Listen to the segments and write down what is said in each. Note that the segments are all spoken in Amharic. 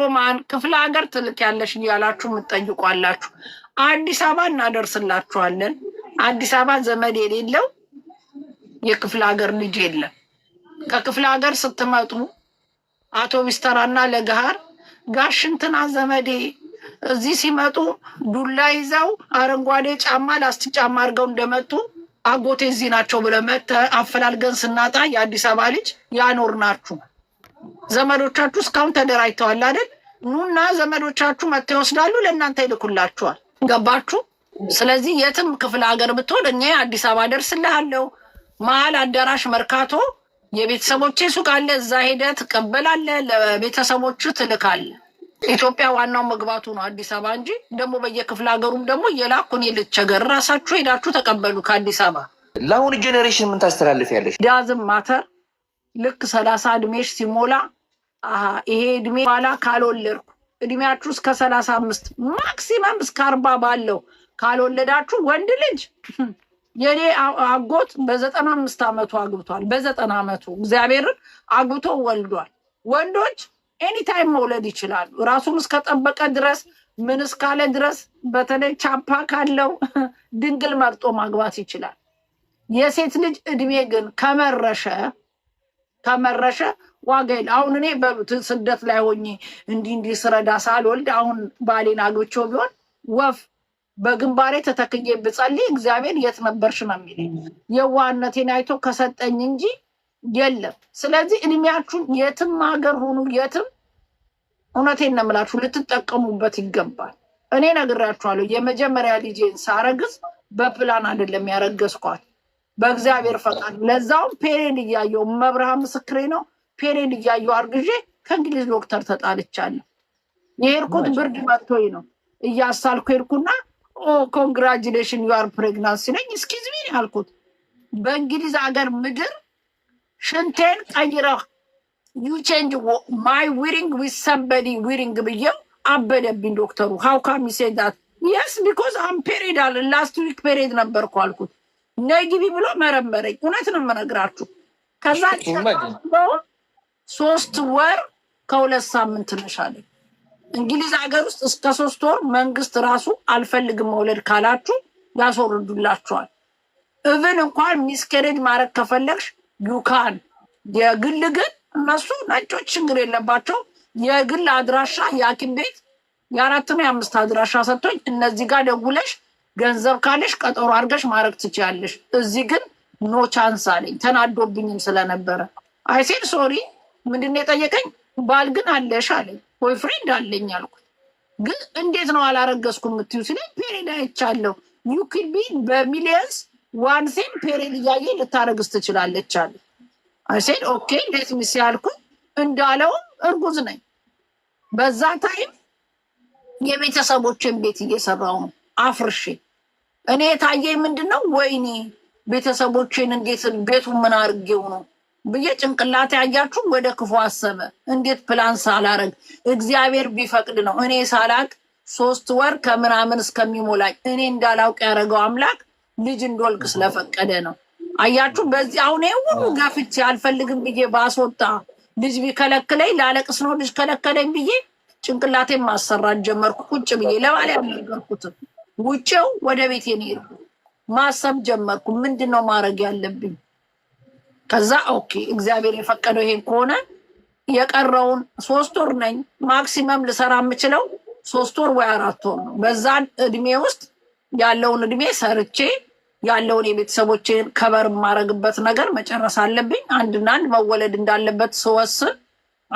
ሮማን ክፍለ ሀገር ትልቅ ያለሽ እያላችሁ የምጠይቋላችሁ አዲስ አበባ እናደርስላችኋለን። አዲስ አበባ ዘመድ የሌለው የክፍለ ሀገር ልጅ የለም። ከክፍለ ሀገር ስትመጡ አቶ ሚስተራና ለገሃር ጋሽንትና ዘመዴ እዚህ ሲመጡ ዱላ ይዘው አረንጓዴ ጫማ ላስቲክ ጫማ አድርገው እንደመጡ አጎቴ እዚህ ናቸው ብለህ መተህ አፈላልገን ስናጣ የአዲስ አበባ ልጅ ያኖር ናችሁ። ዘመዶቻችሁ እስካሁን ተደራጅተዋል አይደል? ኑና ዘመዶቻችሁ መጥተው ይወስዳሉ፣ ለእናንተ ይልኩላችኋል። ገባችሁ? ስለዚህ የትም ክፍለ ሀገር ብትሆን እኛ አዲስ አበባ ደርስልሃለሁ። መሀል አዳራሽ መርካቶ የቤተሰቦቼ ሱቅ አለ። እዛ ሄደ ትቀበላለ፣ ለቤተሰቦቹ ትልካለ። ኢትዮጵያ ዋናው መግባቱ ነው አዲስ አበባ እንጂ ደግሞ በየክፍለ ሀገሩም ደግሞ የላኩን የልቸገር ራሳችሁ ሄዳችሁ ተቀበሉ ከአዲስ አበባ። ለአሁኑ ጄኔሬሽን ምን ታስተላልፊያለሽ? ዳዝም ማተር ልክ ሰላሳ እድሜሽ ሲሞላ ይሄ እድሜ በኋላ ካልወለድኩ እድሜያችሁ እስከ ሰላሳ አምስት ማክሲመም እስከ አርባ ባለው ካልወለዳችሁ ወንድ ልጅ የኔ አጎት በዘጠና አምስት ዓመቱ አግብቷል። በዘጠና ዓመቱ እግዚአብሔርን አግብቶ ወልዷል። ወንዶች ኤኒታይም መውለድ ይችላሉ። ራሱን እስከጠበቀ ድረስ ምን እስካለ ድረስ በተለይ ቻፓ ካለው ድንግል መርጦ ማግባት ይችላል። የሴት ልጅ እድሜ ግን ከመረሸ ተመረሸ ዋጋ የለ። አሁን እኔ በሉት ስደት ላይ ሆኜ እንዲህ እንዲህ ስረዳ ሳልወልድ አሁን ባሌን አግብቼው ቢሆን ወፍ በግንባሬ ተተክዬ ብጸልይ እግዚአብሔር የት ነበርሽ ነው የሚለኝ። የዋህነቴን አይቶ ከሰጠኝ እንጂ የለም። ስለዚህ እድሜያችሁን የትም ሀገር ሆኑ የትም፣ እውነቴን ነው የምላችሁ ልትጠቀሙበት ይገባል። እኔ ነግራችኋለሁ፣ የመጀመሪያ ልጄን ሳረግዝ በፕላን አይደለም ያረገዝኳት በእግዚአብሔር ፈቃድ ለዛውም ፔሬን እያየው መብርሃን ምስክሬ ነው። ፔሬን እያየው አርግዤ ከእንግሊዝ ዶክተር ተጣልቻለሁ። የሄድኩት ብርድ መጥቶኝ ነው። እያሳልኩ ሄድኩና ኮንግራጁሌሽን ዩአር ፕሬግናንት ሲለኝ እስኪዝሚን ያልኩት በእንግሊዝ አገር ምድር ሽንቴን ቀይረህ ዩ ቼንጅ ማይ ዊሪንግ ዊዝ ሰምበዲ ዊሪንግ ብዬው አበደብኝ ዶክተሩ። ሀው ካም ሴዳት የስ ቢኮዝ አም ፔሬድ አለ ላስት ዊክ ፔሬድ ነበርኩ አልኩት። ነይ ግቢ ብሎ መረመረኝ። እውነት ነው የምነግራችሁ። ከዛ ሶስት ወር ከሁለት ሳምንት ነሽ አለኝ። እንግሊዝ ሀገር ውስጥ እስከ ሶስት ወር መንግስት ራሱ አልፈልግም መውለድ ካላችሁ ያስወርዱላችኋል። እብን እንኳን ሚስኬሬጅ ማድረግ ከፈለግሽ ዩካን የግል ግን እነሱ ነጮች ችግር የለባቸው። የግል አድራሻ የሐኪም ቤት የአራትና የአምስት አድራሻ ሰጥቶኝ እነዚህ ጋር ደውለሽ ገንዘብ ካለሽ ቀጠሮ አድርገሽ ማድረግ ትችያለሽ። እዚህ ግን ኖ ቻንስ አለኝ። ተናዶብኝም ስለነበረ አይሴድ ሶሪ። ምንድን የጠየቀኝ ባል ግን አለሽ አለኝ። ፍሬንድ አለኝ አልኩት። ግን እንዴት ነው አላረገዝኩ የምትዩ ሲለኝ ፔሬድ አይቻለሁ። ዩ ኪል ቢ በሚሊየንስ ዋን ሴን ፔሬድ እያየ ልታረግዝ ትችላለች አለ። አይሴድ ኦኬ እንዴት ሚስ ያልኩኝ። እንዳለውም እርጉዝ ነኝ። በዛ ታይም የቤተሰቦችን ቤት እየሰራው ነው አፍርሼ እኔ የታየኝ ምንድን ነው? ወይኔ ቤተሰቦቼን እንዴት ቤቱ ምን አርጌው ነው ብዬ ጭንቅላት ያያችሁ ወደ ክፉ አሰበ። እንዴት ፕላን ሳላረግ እግዚአብሔር ቢፈቅድ ነው እኔ ሳላቅ ሶስት ወር ከምናምን እስከሚሞላኝ እኔ እንዳላውቅ ያደረገው አምላክ ልጅ እንዶልቅ ስለፈቀደ ነው። አያችሁ፣ በዚህ አሁን ሁሉ ገፍቼ አልፈልግም ብዬ ባስወጣ ልጅ ቢከለክለኝ ላለቅስ ነው ልጅ ከለከለኝ ብዬ ጭንቅላቴን ማሰራት ጀመርኩ። ቁጭ ብዬ ለባል ያልነገርኩትም ውጭው ወደ ቤት የኔርኩ ማሰብ ጀመርኩ። ምንድን ነው ማድረግ ያለብኝ? ከዛ ኦኬ እግዚአብሔር የፈቀደው ይሄን ከሆነ የቀረውን ሶስት ወር ነኝ ማክሲመም ልሰራ የምችለው ሶስት ወር ወይ አራት ወር ነው። በዛ እድሜ ውስጥ ያለውን እድሜ ሰርቼ ያለውን የቤተሰቦችን ከበር የማረግበት ነገር መጨረስ አለብኝ። አንድና አንድ መወለድ እንዳለበት ስወስን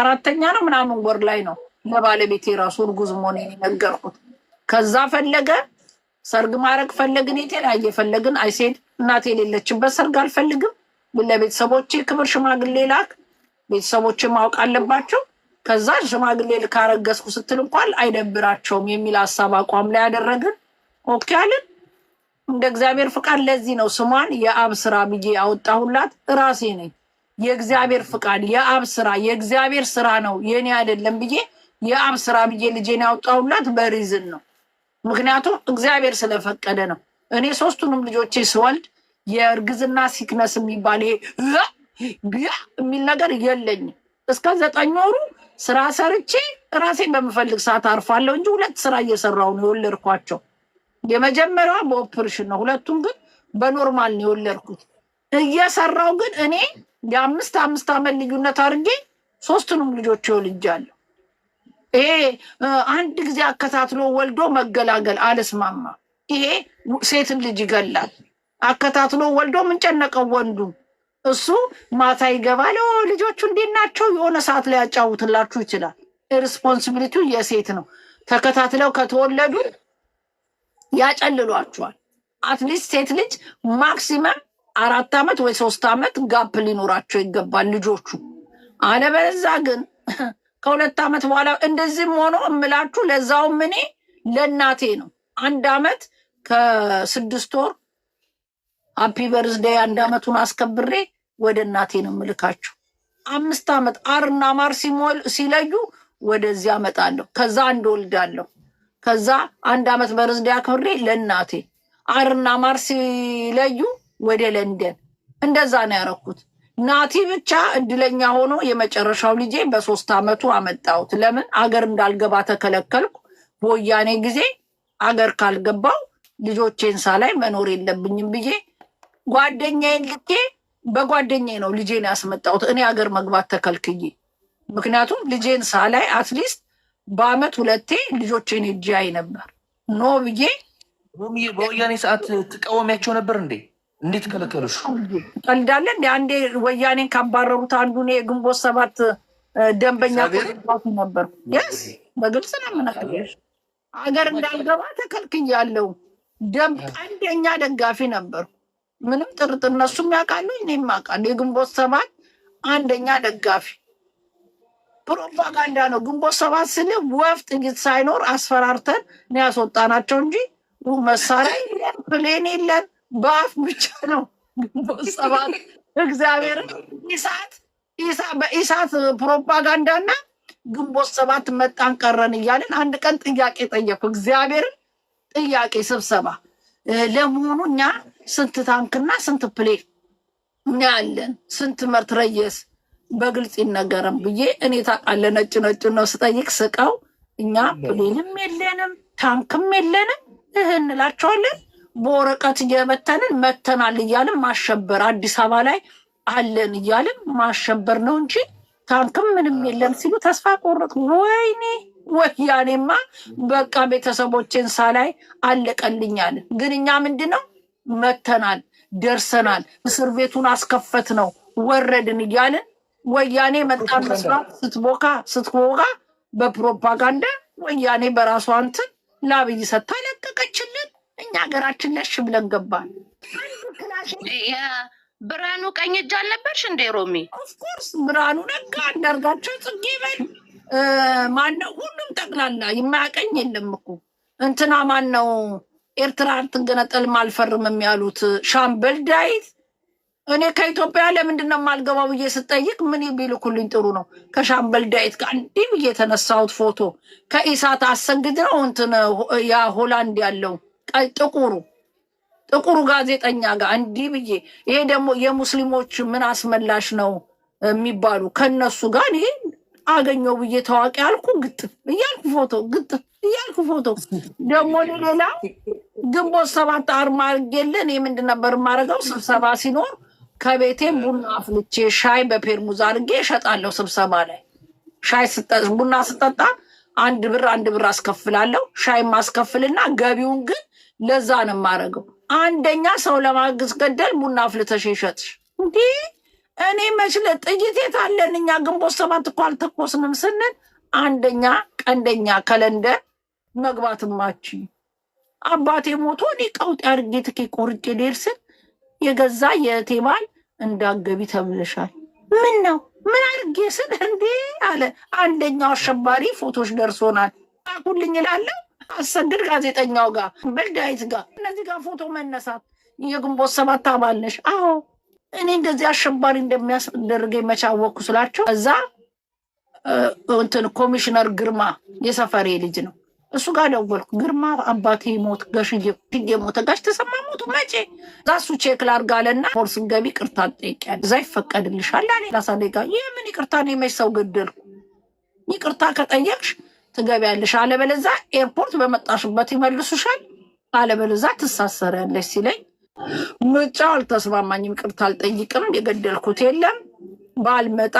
አራተኛ ነው ምናምን ወር ላይ ነው ለባለቤቴ ራሱ እርጉዝ መሆኔን የነገርኩት። ከዛ ፈለገ ሰርግ ማድረግ ፈለግን የተለያየ ፈለግን አይሴድ እናቴ የሌለችበት ሰርግ አልፈልግም። ለቤተሰቦቼ ክብር ሽማግሌ ላክ፣ ቤተሰቦቼ ማወቅ አለባቸው። ከዛ ሽማግሌ ልካረገስኩ ስትል እንኳን አይደብራቸውም የሚል ሀሳብ አቋም ላይ ያደረግን ኦኬ አለን። እንደ እግዚአብሔር ፍቃድ ለዚህ ነው ስሟን የአብ ስራ ብዬ አወጣሁላት ራሴ ነኝ። የእግዚአብሔር ፍቃድ የአብ ስራ የእግዚአብሔር ስራ ነው የኔ አይደለም ብዬ የአብ ስራ ብዬ ልጄን ያወጣሁላት በሪዝን ነው። ምክንያቱም እግዚአብሔር ስለፈቀደ ነው። እኔ ሶስቱንም ልጆቼ ስወልድ የእርግዝና ሲክነስ የሚባል የሚል ነገር የለኝም። እስከ ዘጠኝ ወሩ ስራ ሰርቼ ራሴን በምፈልግ ሰዓት አርፋለሁ እንጂ ሁለት ስራ እየሰራሁ ነው የወለድኳቸው። የመጀመሪያዋ በኦፕሬሽን ነው፣ ሁለቱም ግን በኖርማል ነው የወለድኩት። እየሰራው ግን እኔ የአምስት አምስት ዓመት ልዩነት አድርጌ ሶስቱንም ልጆች ይወልጃለሁ። ይሄ አንድ ጊዜ አከታትሎ ወልዶ መገላገል አልስማማ። ይሄ ሴትን ልጅ ይገላል። አከታትሎ ወልዶ ምን ጨነቀው ወንዱ? እሱ ማታ ይገባል። ልጆቹ እንዴት ናቸው? የሆነ ሰዓት ላይ ያጫውትላችሁ ይችላል። ሪስፖንሲቢሊቲው የሴት ነው። ተከታትለው ከተወለዱ ያጨልሏቸዋል። አትሊስት ሴት ልጅ ማክሲመም አራት ዓመት ወይ ሶስት ዓመት ጋፕ ሊኖራቸው ይገባል ልጆቹ። አለበዛ ግን ከሁለት ዓመት በኋላ እንደዚህም ሆኖ እምላችሁ ለዛውም እኔ ለእናቴ ነው አንድ ዓመት ከስድስት ወር ሀፒ በርዝዴ አንድ ዓመቱን አስከብሬ ወደ እናቴ ነው እምልካችሁ። አምስት ዓመት አርና ማር ሲለዩ ወደዚህ አመጣለሁ። ከዛ አንድ ወልዳለሁ። ከዛ አንድ ዓመት በርዝዴ አክብሬ ለእናቴ አርና ማር ሲለዩ ወደ ለንደን እንደዛ ነው ያረኩት። ናቲ ብቻ እድለኛ ሆኖ የመጨረሻው ልጄ በሶስት ዓመቱ አመጣሁት። ለምን አገር እንዳልገባ ተከለከልኩ። በወያኔ ጊዜ አገር ካልገባው ልጆቼን ሳላይ መኖር የለብኝም ብዬ ጓደኛዬን ልኬ በጓደኛዬ ነው ልጄን ያስመጣሁት እኔ አገር መግባት ተከልክዬ። ምክንያቱም ልጄን ሳላይ አትሊስት በአመት ሁለቴ ልጆቼን እጅ አይ ነበር። ኖ ብዬ በወያኔ ሰዓት ትቃወሚያቸው ነበር እንዴ? እንዴት ከለከለሽ? ቀልዳለን። እንደ አንዴ ወያኔን ካባረሩት አንዱ አንዱን የግንቦት ሰባት ደንበኛ ኮቱ ነበር። ስ በግልጽ ነው የምነግርሽ፣ አገር እንዳልገባ ያለው ደንብ አንደኛ ደጋፊ ነበር። ምንም ጥርጥር እነሱም ያውቃሉ፣ እኔም አውቃለሁ። የግንቦት ሰባት አንደኛ ደጋፊ ፕሮፓጋንዳ ነው። ግንቦት ሰባት ስል ወፍ ጥይት ሳይኖር አስፈራርተን ነው ያስወጣናቸው እንጂ መሳሪያ የለን ፕሌን የለን በአፍ ብቻ ነው ግንቦት ሰባት እግዚአብሔርን ኢሳት በኢሳት ፕሮፓጋንዳና ግንቦት ሰባት መጣን ቀረን እያለን አንድ ቀን ጥያቄ ጠየቅኩ እግዚአብሔርን ጥያቄ ስብሰባ ለመሆኑ እኛ ስንት ታንክና ስንት ፕሌ እኛ ያለን ስንት መርት ረየስ በግልጽ ይነገረም ብዬ እኔ ታውቃለህ፣ ነጭ ነጭ ነው ስጠይቅ ስቀው እኛ ፕሌንም የለንም ታንክም የለንም እህ እንላቸዋለን በወረቀት እየበተንን መተናል እያልን ማሸበር አዲስ አበባ ላይ አለን እያልን ማሸበር ነው እንጂ ታንክም ምንም የለም ሲሉ ተስፋ ቆረጥ። ወይኔ ወያኔማ በቃ ቤተሰቦቼን ሳላይ አለቀልኛል። ግን እኛ ምንድን ነው መተናል፣ ደርሰናል፣ እስር ቤቱን አስከፈት ነው ወረድን እያልን ወያኔ መጣ መስራት ስትቦካ ስትቦካ በፕሮፓጋንዳ ወያኔ በራሷ እንትን ለአብይ ሰጥታ ለቀቀችልን። ሀገራችን ነሽ ብለን ገባን። ብርሃኑ ቀኝ እጅ አልነበርሽ እንዴ ሮሚ? ኦፍኮርስ ብርሃኑ ነጋ፣ አንዳርጋቸው ጽጌ፣ በል ማነው ሁሉም ጠቅላላ የማያቀኝ የለም እኮ እንትና ነው? ኤርትራ አትገነጠልም አልፈርምም ያሉት ሻምበል ዳዊት። እኔ ከኢትዮጵያ ለምንድን ነው የማልገባው ብዬ ስጠይቅ ምን ቢልኩልኝ ጥሩ ነው? ከሻምበል ዳዊት ጋር እንዲህ ብዬ የተነሳሁት ፎቶ ከኢሳት አሰግድ ነው እንትን ያ ሆላንድ ያለው ቀይ ጥቁሩ ጥቁሩ ጋዜጠኛ ጋር እንዲህ ብዬ ይሄ ደግሞ የሙስሊሞች ምን አስመላሽ ነው የሚባሉ ከነሱ ጋር ይሄ አገኘው ብዬ ታዋቂ አልኩ። ግጥ እያልኩ ፎቶ ግጥ እያልኩ ፎቶ ደግሞ ሌላ ግንቦት ሰባት አርማ አድርጌለን ይህ ምንድን ነበር የማደርገው ስብሰባ ሲኖር ከቤቴ ቡና አፍልቼ ሻይ በፔርሙዝ አድርጌ እሸጣለሁ። ስብሰባ ላይ ሻይ ቡና ስጠጣ አንድ ብር አንድ ብር አስከፍላለሁ። ሻይ ማስከፍልና ገቢውን ግን ለዛ ነው የማደርገው። አንደኛ ሰው ለማግዝ ገደል ቡና አፍልተሽ ይሸጥሽ እንዲህ እኔ መችለ ጥይት የታለን እኛ ግንቦት ሰባት እኮ አልተኮስንም ስንል አንደኛ ቀንደኛ ከለንደን መግባት ማች አባቴ ሞቶ እኔ ቀውጥ አድርጌ ትኬ ቆርጬ ልሄድ የገዛ የእቴ ባል እንዳገቢ ተብለሻል። ምን ነው ምን አድርጌ ስል እንዴ አለ። አንደኛው አሸባሪ ፎቶች ደርሶናል አኩልኝ እላለሁ አሰግድ ጋዜጠኛው ጋር በልዳይት ጋር እነዚህ ጋር ፎቶ መነሳት የግንቦት ሰባት አባል ነሽ? አዎ። እኔ እንደዚህ አሸባሪ እንደሚያስደርገ መቻወቅኩ ስላቸው እዛ እንትን ኮሚሽነር ግርማ የሰፈሬ ልጅ ነው። እሱ ጋር ደወልኩ። ግርማ አባቴ ሞት ጋሽዬ ሞተ፣ ጋሽ ተሰማ ሞቱ መቼ? እዛ እሱ ቼክ ላርጋለና አለና ፖርስ ገቢ ቅርታ ጠይቂያለሁ፣ እዛ ይፈቀድልሻል ላሳ ደቂቃ ይህ ምን ይቅርታ? እኔ መች ሰው ገደልኩ? ይቅርታ ከጠየቅሽ ትገቢያለሽ፣ አለበለዛ ኤርፖርት በመጣሽበት ይመልሱሻል፣ አለበለዛ ትሳሰሪያለሽ ሲለኝ ምርጫው አልተስማማኝም። ቅርታ አልጠይቅም፣ የገደልኩት የለም ባልመጣ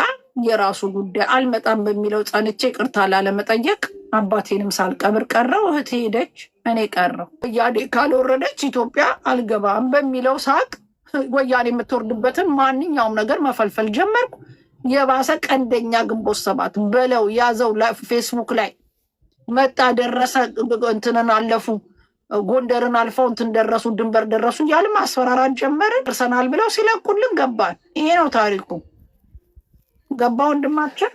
የራሱ ጉዳይ አልመጣም በሚለው ጸንቼ ቅርታ ላለመጠየቅ አባቴንም ሳልቀብር ቀረው። እህት ሄደች፣ እኔ ቀረው። ወያኔ ካልወረደች ኢትዮጵያ አልገባም በሚለው ሳቅ ወያኔ የምትወርድበትን ማንኛውም ነገር መፈልፈል ጀመርኩ። የባሰ ቀንደኛ ግንቦት ሰባት በለው ያዘው ፌስቡክ ላይ መጣ ደረሰ፣ እንትንን አለፉ፣ ጎንደርን አልፈው እንትን ደረሱ፣ ድንበር ደረሱ እያል ማስፈራራት ጀመርን። ደርሰናል ብለው ሲለቁልን ገባን። ይሄ ነው ታሪኩ። ገባ ወንድማችን።